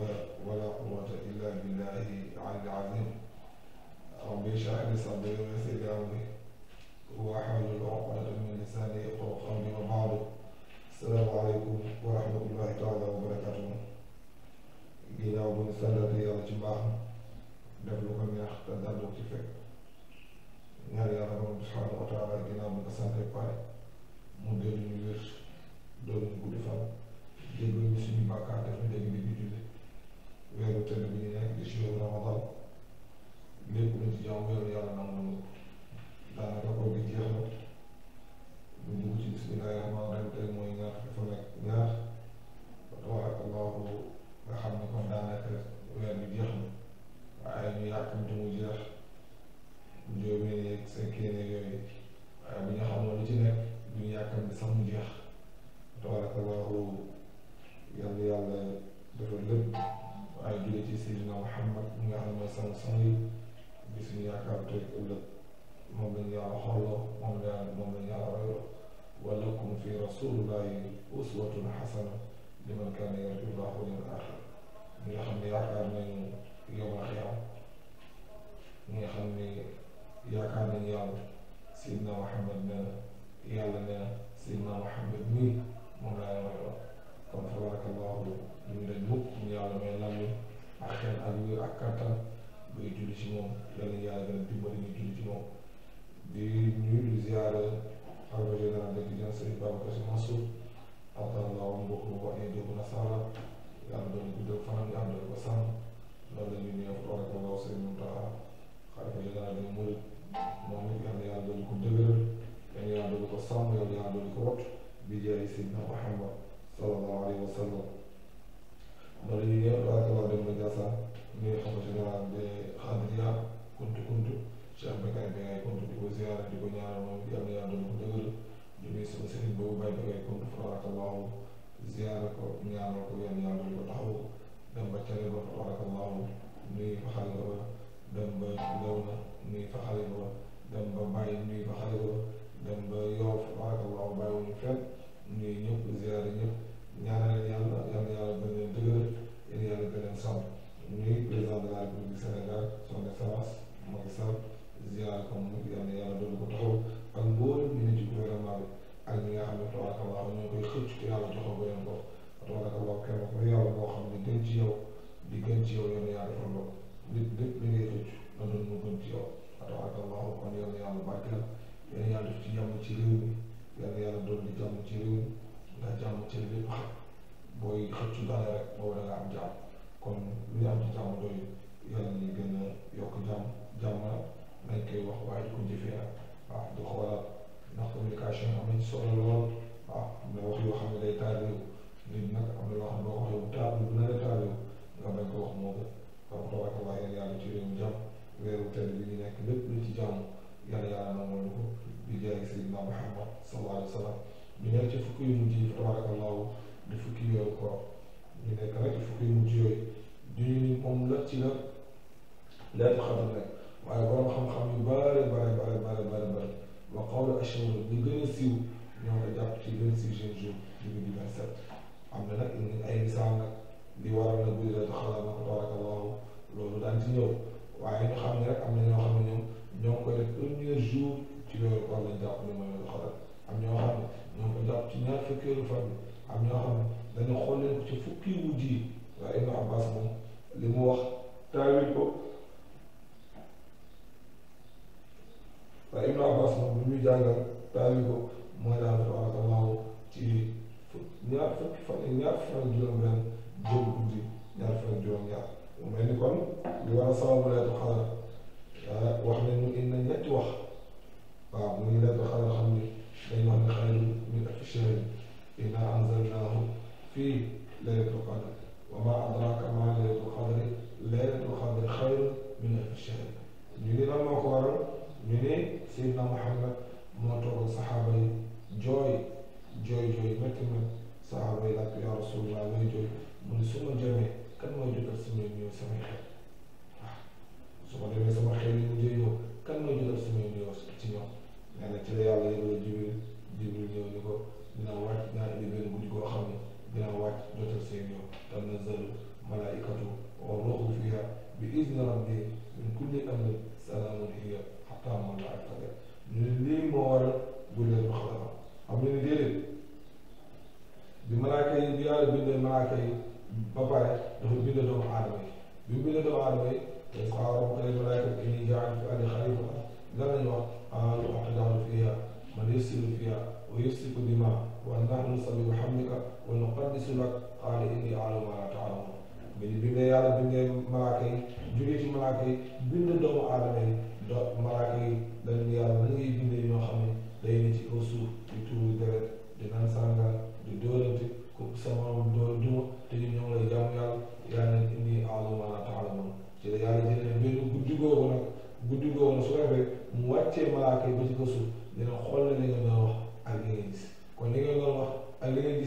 hawla wala quwwata illa billahi al-aliyyil azim rabbi shrah li wa yassir li amri wahlul uqdatan min lisani yafqahu qawli wa ba'du rahmatullahi taala wa barakatuh ginnaaw bu ñu sant yàlla ci mbaax def lu ko neex te dal lu ci fekk ñaan yàlla borom subhanahu wa taala ginnaaw bu ko sante pare mu dellu ñu wér doon ñu guddi fan déglu ñu weeru tëdd bi ñu ne di suñu Ramadan lépp lu ci jaamu yàlla nangu na ko xasana liman kaana yarju llaaha wal yawmal aaxir ñi nga xam ne yaakaar nañu yowmal xiyaam ñi nga xam Muhammad nee na yàlla nee Muhammad nii moom laa yoroon kon tabaarakallaahu ñu ngi leen mukk ñu yàlla may lamu ak xel ak wér ak kattan bay julli ci moom yàlla yàlla gën a dimbali ñu julli ci moom di nuyu ziyaara xalifa général xaatallaw mbokk mu ko ay jóg nasara yàlla doon guddal fanam yàlla doon ko sàmm loolu la ñuy ñëw tabarakallahu sëñ Muntaxa xalifa général des mourides moom it yàlla yàlla doon ko dëgëral yàlla yàlla doon ko sàmm yàlla yàlla doon ko wot bi jaay Seydina Muhammad sallallahu alayhi wa sallam loolu la ñuy ñëw tabarakallahu dem na Jaasa nuyu xalifa général des Xaadiriya kuntu kuntu Cheikh Bekay Bekay kuntu di ko ziyaara di ko ñaanal moom yàlla yàlla doon ko dëgëral jógee sama sëriñ boobu bay bëggee kon tabarakallahu ziyaara ko ñaanal ko yan yàlla ko taxaw dem ba tere ba tabarakallahu nuyu fa xale ba dem ba ndaw na nuyu fa xale ba dem ba bàyyi nuyu fa xale ba dem ba yow tabarakallahu bàyyiwuñu fenn nuyu ñëpp ziyaara ñëpp ñaanal yàlla yan yàlla gën leen dëgëral yan yàlla gën leen sàmm nuyu président de la République du Sénégal son excellence Macky Sall ziyaara ko mu yan yàlla doon ko taxaw ak mboolem ñu ne ci gouvernement bi ak ñi nga xam ne tabaraka Allah ñu koy xëcc te yàlla jox ko beneen bopp tabaraka Allah kenn ku ne yàlla boo xam ne gën ci yow di gën ci yow yéen a yàlla defal lool nit lépp li ngay xëcc na doon mu gën ci yow tabaraka Allah kon yéen a yàlla barkeel yéen a yàlla def ci jàmm ci réew mi yéen a yàlla doon di jàmm ci réew mi nga jàmm ci lépp xam booy xëccu dara rek boobu da nga am jàmm kon li am ci jàmm doy yàlla ñuy gën a yokk jàmm jàmm nag nañ koy wax waaye di ko jëfee nag waaw du xoolaat ndax communication am nañ soxla lool waaw am na wax yoo xam ne day taaliw nit nag am na loo xam ne boo ko waxee mu taaliw bu naree taaliw nga bañ ko wax moo gën kon tabaarkalla yàlla ci réew mi jàmm weeru teel bi ñu nekk lépp lu ci jàmm yàlla yàlla na moom ko di jaay Seydina Muhammad sallallahu alayhi wa sallam ñu nekk ci fukki yu mujj yi tabaarkalla di fukki yooyu ko ñu nekk rek ci fukki yu mujj yooyu di moom la ci la leer xamal nag waaye borom xam-xam yu bari ñaar fukki fan ñaar fan juróom-benn jëm guddi ñaar fan juróom-ñaar mu mel ni kon li war a sababu laylatul xadar ah, wax nañu indi ñetti wax waaw muy laylatul xadar xam ni dañu wax ne xayrun min alfi shahrin innaa anzalnaahu fii laylatul xadar wa maa adraaka maa laylatul xadari laylatul xadari xayrun min alfi shahrin ñu ni lan moo ko waral ñu ni Seydina Muhammad moo toog saxaaba yi jooy jooy jooy métti métti saxaaba yi laaj ko yaa rasulallah looy jooy mu ne su ma joomee kan mooy jotal si ñoom ñëw samay xel ويسر فيها ويسرك بما ونحن نسبح بحمدك ونقدس لك قال إني أعلم ما لا تعلمون bi bi nga yàlla bindee malaaka yi jógee ci malaaka yi bind doomu aadama yi do malaaka yi dañu yàlla na bindee ñoo xam day ne ci kaw suuf di tuuru deret di naan sàngal di dóorante ku sama dóor duma te ñu ñoom lay jaamu yàlla yàlla ne inni a'lamu ma la ta'lamun ci la yàlla jëlee benn guddi googu nag guddi googu nag su ko mu wàccee malaaka dina xool na li nga doon wax ak li nga gis kon li nga doon wax ak li ni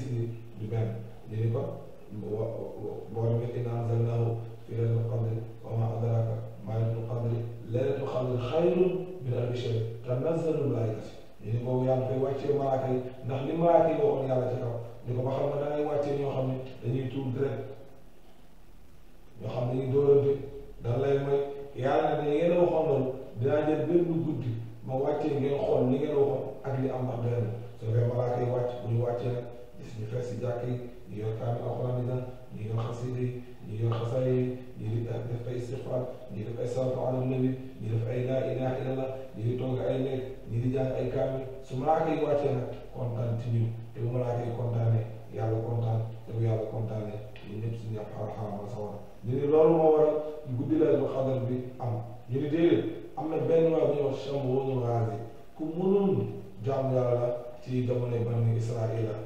du benn ñu ni ko borom bi inna anzalnahu fi laylatul qadri wa ma adraka ma laylatul qadri laylatul qadri xayrun min alfi shahr tanazzalul malaa'ikatu ñu ni boobu yaa ngi koy wàccee malaaka yi ndax li malaaka yi waxoon yàlla ca kaw ñu ko ba xam ne da ma wàccee ngeen xool li ngeen waxoon ak li am ndax doy na su fekkee malaaka yi wàcc bu ñu wàccee nag gis ñu fees si jàkk yi ñu yor kaamil alxuraan yi nag ñu yor xasida yi ñu yor xasaay yi ñu di def ay sifar ñu def ay salaatu ala nabi ñu def ay laa ilaha illallah ñu di toog ay nekk ñu di jàng ay kaamil su malaaka yi wàccee nag kontaan ci ñun te bu malaaka yi kontaanee yàlla kontaan te bu yàlla kontaanee ñun ñëpp suñu yàq xaram xaram la sawara ñu ni loolu moo waral guddi la bu xadar bi am ñu ni déedéet am na benn waay bu ñuy wax Shamboun Razi ku mënoon jaamu yàlla ci jamono Bani Israaïl la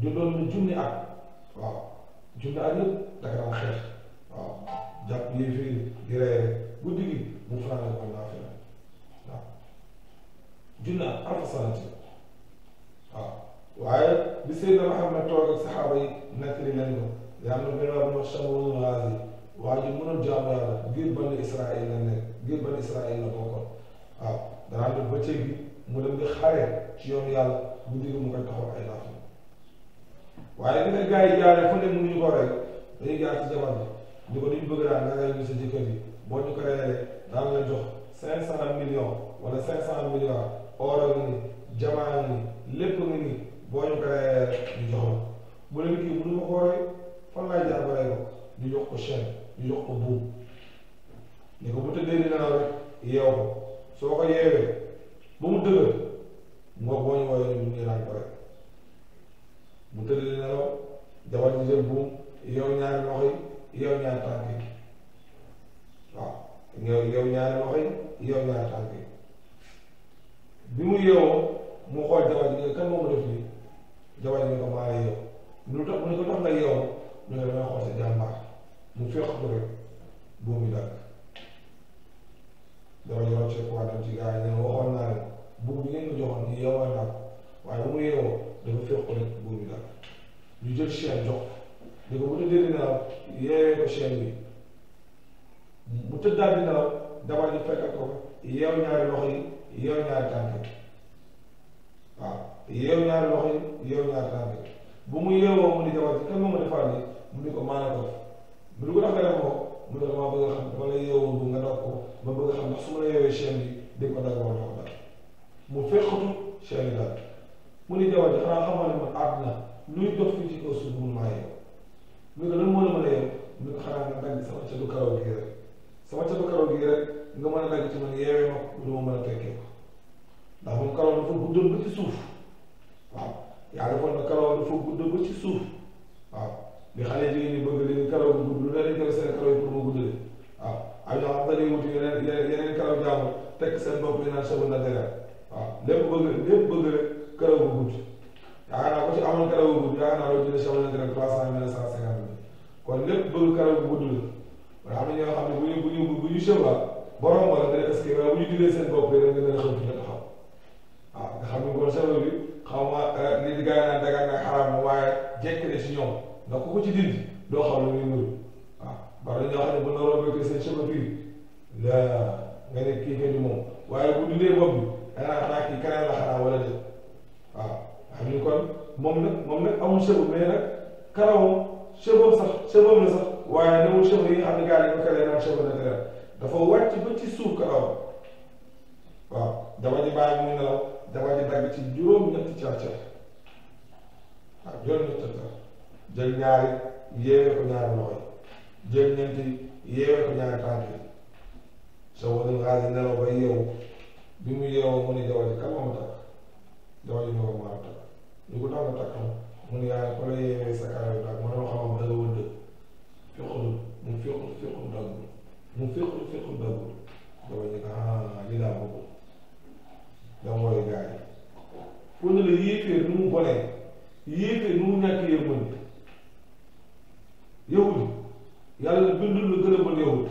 dundoon lu junni at waaw junni at yëpp da daan xeex waaw jàpp lii fii di gi mu fanaan ak wàllu affaire waaw junni at alfa waaye bi Seydina Muhammad toog ak saxaaba yi nekk li leen ko yaa am benn waay bu ñuy wax Shamboun Razi waa ji mënul jaamu yàlla ngir bani Israël la nekk ngir bani Israël la bokkoon waaw danaa def bi mu dem di xare ci yoonu yàlla bu njëkk mu koy taxaw ay naaf waaye li nga gars yi jaaree fu ne mënuñu ko rek dañuy jaar ci jabar bi ñu ko duñ bëgg daal nga rey ñu sa jëkkër bi boo ñu ko reyee daan la jox cinq cent millions wala cinq cent millions or nga ni jamaa nga ni lépp nga ni boo ñu ko reyee ñu jox la bu leen kii mënu ma ko rey fan laay jaar ba rey ko ñu jox ko chaîne. ñu jox ko buum ni ko bu tëddee dina la rek yeew ko soo mu dëgër ngoo boo ñu woowee ñu ngi laaj ko rek bu tëddee dina la jabar ñu jël buum yeew ñaari loxo yi yeew ñaari tànk yi waaw yeew yeew ñaari mu yeewoo mu xool jabar ji ne kan moo ma def lii jabar ji ne ko maa mu ne ko sa jàmbaar mu féex ko rek buum yi dàq dama ñëwaat ci ci gars yi ne waxoon naa leen buum bi ngeen ko joxoon ñu yeewal naa bu mu yeewoo dafa féex ko rek buum yi dàq ñu ko ko bu tëddee nelaw yeewee ko chaîne bi bu tëddaat di nelaw ko yeew ñaari loxo yi yeew ñaari tànk waaw yeew ñaari loxo yi yeew ñaari bu mu yeewoo mu ni jabar ji kan moom a mu ni ko maanaam ko bu ko defee rek moom mu ne maa bëgg a bu ma bëgg xam ndax su ma la yeewee chaîne bi di ko dagg wala ko dagg mu fekkatu chaîne yi daal mu ne jaww ji xanaa xamal ne man àdduna luy dox fii ci kaw suuf mun maa yeew mu ne lan moo la mën a yeew mu ne nga dagg sama catu karaw gii rek sama catu karaw gii rek nga mën a dagg ci man yeewee ma du ma mën a tekkee ko ndax moom karaw dafa guddoon ba ci suuf waaw yaa defoon na karaw dafa guddoon ba ci suuf li xale jigéen ñi bëgg dañu karaw gudd la dañu koy seen karaw yi pour mu gudd waaw am ñoo xam dañuy wuti yeneen yeneen karaw jaamu tekk seen bopp ñu naan cheveux naturel waaw lépp bëgg lépp bëgg rek karaw bu gudd yaakaar naa ko ci amoon karaw kon lépp bëgg karaw bu gudd na ñoo ne bu ñu bu ñu bu ñu cheveux borom wala nga ne est-ce que wala bu ñu tuddee seen bopp rek nga gën a xam nga ne kon cheveux bi xaw ma euh, li di gars yi naan dagaan nga xaraam waaye jekk na ndax ku ko ci dindi doo xam ne muy nuru waaw ah, bari na ñoo xam ne bu ñu rombee ko seen cheveux fii la nga ne kii kay du moom waaye bu dindee bopp bi danaa xanaa kii keneen la xanaa wala déet waaw ah, xam ni kon moom nag moom nag amul cheveux mais nag karawam cheveux sax cheveux la sax waaye newul cheveux yi xam ne gars yi ko kalee naan cheveux naturel dafa wàcc ba ci suuf karawam waaw dama ji bàyyi mu nelaw dama ji dagg ci juróom-ñetti càcc waaw ah, juróom-ñetti càcc jël ñaari yéewee ko ñaari loxo jël ñeenti yéewee ko ñaari tànk yi soo ko dem xaalis nelaw ba yeewu bi mu yeewoo mu ne ji kan ma takk jaww ji moo ko mën a ko tax nga takk mu ne ko la yeewee sa kanam takk ma doon xamam da nga wëdd fiqul mu fiqul fiqul daggul mu fiqul fiqul daggul jaww ji ah lii laa bëgg dama mooy gars yi pour ne la yéefee nu mu bonee yéefee nu mu ñàkk yërmande yahud yàlla bindul lu gën a mën yahud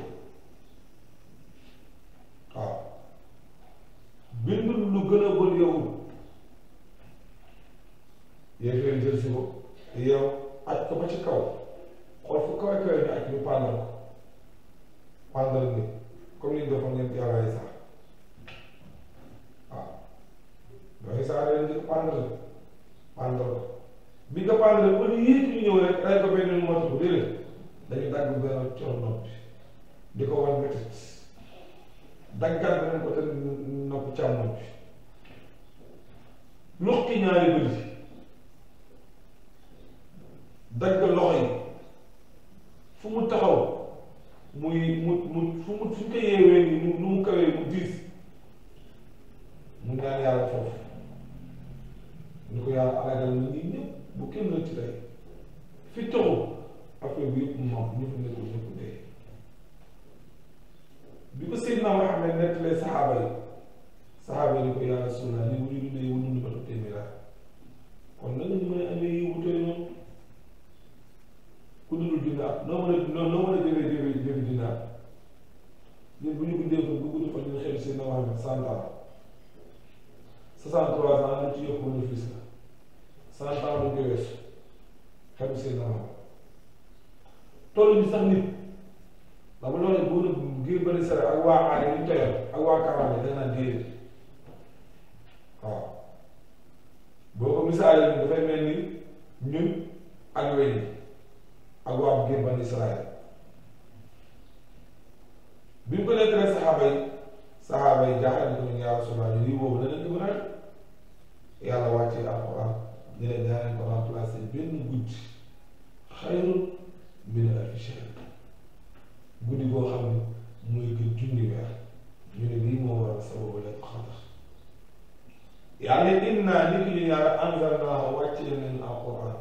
càmmoñ bi luqi ñaari bëri dagg loxo fu mu taxaw mu fu mu fu ko yeewee ni nu mu kawee mu diis mu ñaan yàlla foofu ñu ko yàlla alagal ni nit ñëpp bu kenn la ci rey fi taxu affaire bi yëpp moom ñëpp nekkul ñëpp dee bi ko Seydina Muhammad nettalee saxaaba yi saxaaba ne ko yaa rasulallah li wuñu dundee wu dund ba tu téeméer kon nan la ñu mën a amee yiw bu tey noonu ku dundul dina am noo mën a noo noo mën a jëfee jëfee jëfee dina am ñun bu ñu ko jëfee bu gudd fa ñu xel seen nawaay bi cent ans soixante trois ans ci yokk mën a fis la cent ans bu ñu wees xel seen nawaay toll bi sax nit dama loolu bu ngir bëri sara ak waa aada ñu teyal ak waa karaane da nga naan déedéet boo ko misaalee nii dafay mel ni ñun ak wéy ak waa ngir ban Israël bi ñu ko nekkalee saxaaba yi saxaaba yi jaaxal nañu ne yaa Rasulallah lii boobu danañ ko mën a yàlla wàccee alquran ñu ne daa leen ko remplacé benn guddi xayrun min alfi shahr guddi boo xam ne mooy gën junni weer ñu ne lii moo waral sababu leen yàlla inna nit ñi yàlla anzalnaa wàcce nañ alquran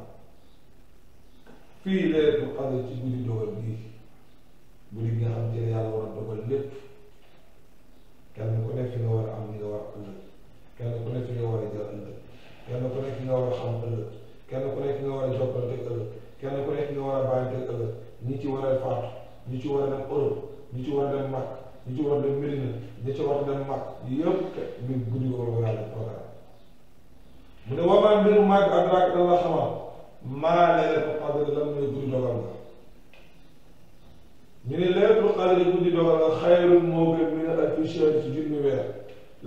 fii laylatul qadr ci guddi dogal bii guddi bi nga xam ne yàlla war a dogal lépp kenn ku nekk fi nga war a am li nga war a ëllëg kenn ku nekk nga war a jël ëllëg kenn ku nga war a xam ëllëg kenn ku nga war a jokkalante ëllëg kenn ku nga war a bàyyante ëllëg ñi war a faatu war a dem Europe war a dem Makka war a dem Medina war a dem Makka yëpp ñu guddi ko yàlla programme mu ne wamaa mbir mu màgg adraak dana la xamal maa laylatul qadr lan mooy guddi dogal nga ñu ne laylatul qadr guddi dogal nga xayrun moo gën min alfi shahr ci junni weer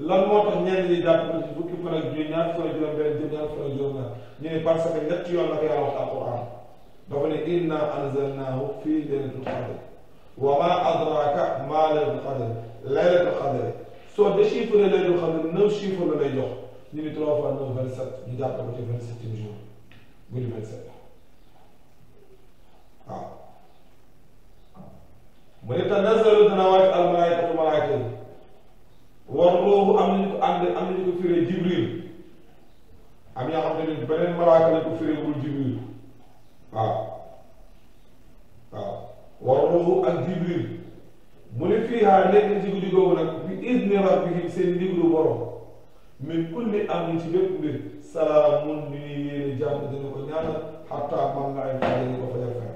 lan moo tax ñenn ñi jàpp ci fukki fan ak juróom ñaar fan ak juróom benn jëm ñaar fan ak juróom ñaar ñu ne parce que ñett yoon la ko yàlla wax alquran dafa ne inna anzalnaahu fii laylatul qadr wa maa adraaka maa laylatul qadr laylatul qadr soo déchiffré laylatul qadr la lay jox ñu ni trois fois neuf vingt sept ñu jàpp ko ci vingt septième jour bu di vingt sept waaw mu ne dana wàcc al malaayikatu malaayika yi war ruuhu am nañu ko ànd am nañu am ñoo xam ne beneen malaaka la ko firee wul jibril waaw waaw war ak jibril mu ne fii haa nekk ci guddi googu nag bi izni rabbihim seen ndigalu borom min kulli amri ci bépp mbir salaamun bi yéen jàmm dina ko ñaanal xataa man la ay fay ko fajal fay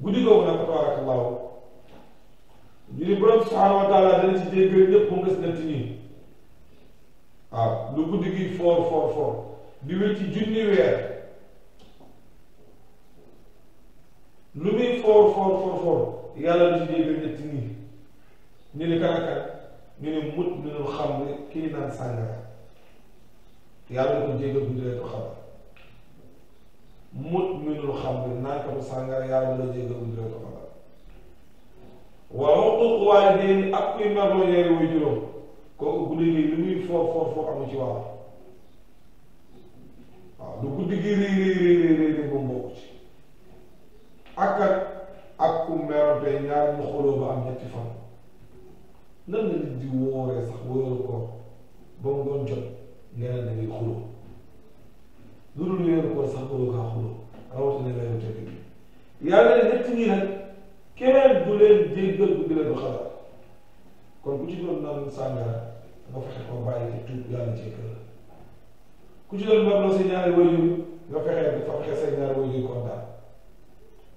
guddi googu nag tabaraka allahu ñu ni borom subhanahu wa taala dana ci dégg ñëpp mu ngas nant ñi waaw ah, lu guddi gi foor foor foor di wér ci junni weer lu muy foor foor foor foor yàlla du ci dégg ñett ni kan ak kan ñu mut bi ñu xam ne kii naan sàngara yàlla ko jégal bu dee mut mi ñu xam ne naan ko sàngara yàlla la jégal bu dee ko xam waaw xuquq waalidayni ak kuy mar loo ñaari way juróom kooku guddi gi lu muy foof foof foof amu ci waaw waaw du guddi gi rii rii rii rii rii moom bokku ci ak ak ba am ñetti lan la nit di wooree sax wóoral ko ba mu doon jot nee na da ngay xuloo lu dul weeru koor sax waroo kaa xuloo rawatina ne weeru tekk bi yàlla ne ñett ñi nag keneen du leen jéggal bu leen du xalaat kon ku ci doon naan sàngara nga fexe ko bàyyi te tuub yàlla jéggal la ku ci doon barloo sa ñaari wayu nga fexe nga fexe sa ñaari wayu kontaan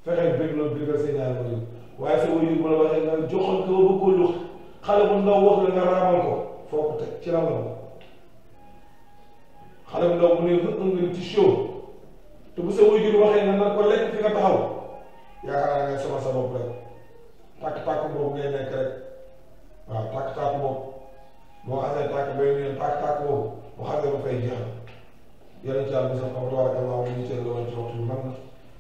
fexe bégloo bégal sa ñaari wayu waaye sa wayu ma la waxee nga joxoon ko ba bëggoo xale bu ndaw wax la nga raamal ko foo ko teg ci raamal ko xale bu ndaw mu ne xëpp nga ci show te bu sa waajur waxee na nar ko lekk fi nga taxaw yaakaar naa ne sama sa bopp rek tàkk-tàkk boobu ngay nekk rek waaw tàkk-tàkk boobu boo xasee tàkk bay ñu tàkk-tàkk boobu bu xasee ba fay jeex yàlla ci yàlla sax xam tabaraka allah ñu cër la woon ci waxtu bi mag na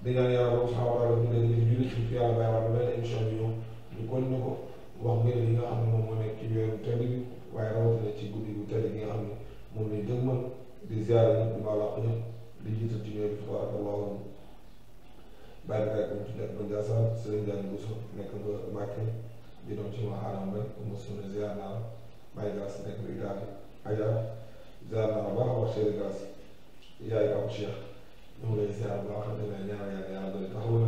di ñaan yàlla subhanahu wa taala ñu leen di julli ci fi yàlla bay wax ba benn émission bi ñëw ñu kon ñu ko wax nga li nga xam ne moom moo nekk ci weeru tedd bi waaye rawatina ci guddi gu tedd gi nga xam ne moom lay dëgmal di ziare ñëpp di baal àq ñëpp di jiital ci ñoom tabarakallahu bàyyi na rek mu ci nekk ba Ndiassane Sëriñ Diagne Bousso nekk ba Mbacke di doon ci waxaanam rek mosu ne ziar naa la bàyyi gaas nekk bi daal Aja ziar naa la baax wax Cheikh gaas yaay Pape Cheikh ñu ngi lay ziar bu baax di la ñaan yàlla yàlla doon taxawu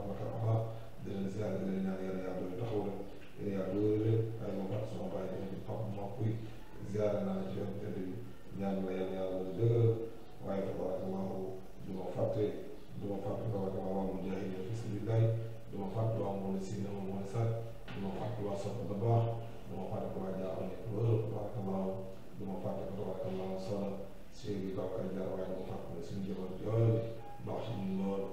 tabaraka wa taala di leen ziar di leen ñaan yàlla yàlla doon taxaw la ay ma baax sama bàyyi di papa ma kuy ziar naa ci yoon tëdd bi ñaan la yàlla yàlla doon dëgëral waaye tabaraka wa taala mu jaay fi sabilillahi du ma fàtte waa moom la si ne ma mooy sax du ma fàtte waa sopp da baax du ma fàtte waa jaaxal ne loolu tabaraka wa taala du ma fàtte tabaraka wa taala solo si yi tabaraka wa taala waaye du ma